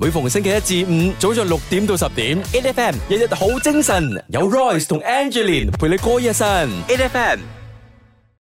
每逢星期一至五早上六點到十點，A F M 日日好精神，有 Royce 同 Angelina 陪你過一晨，A F M。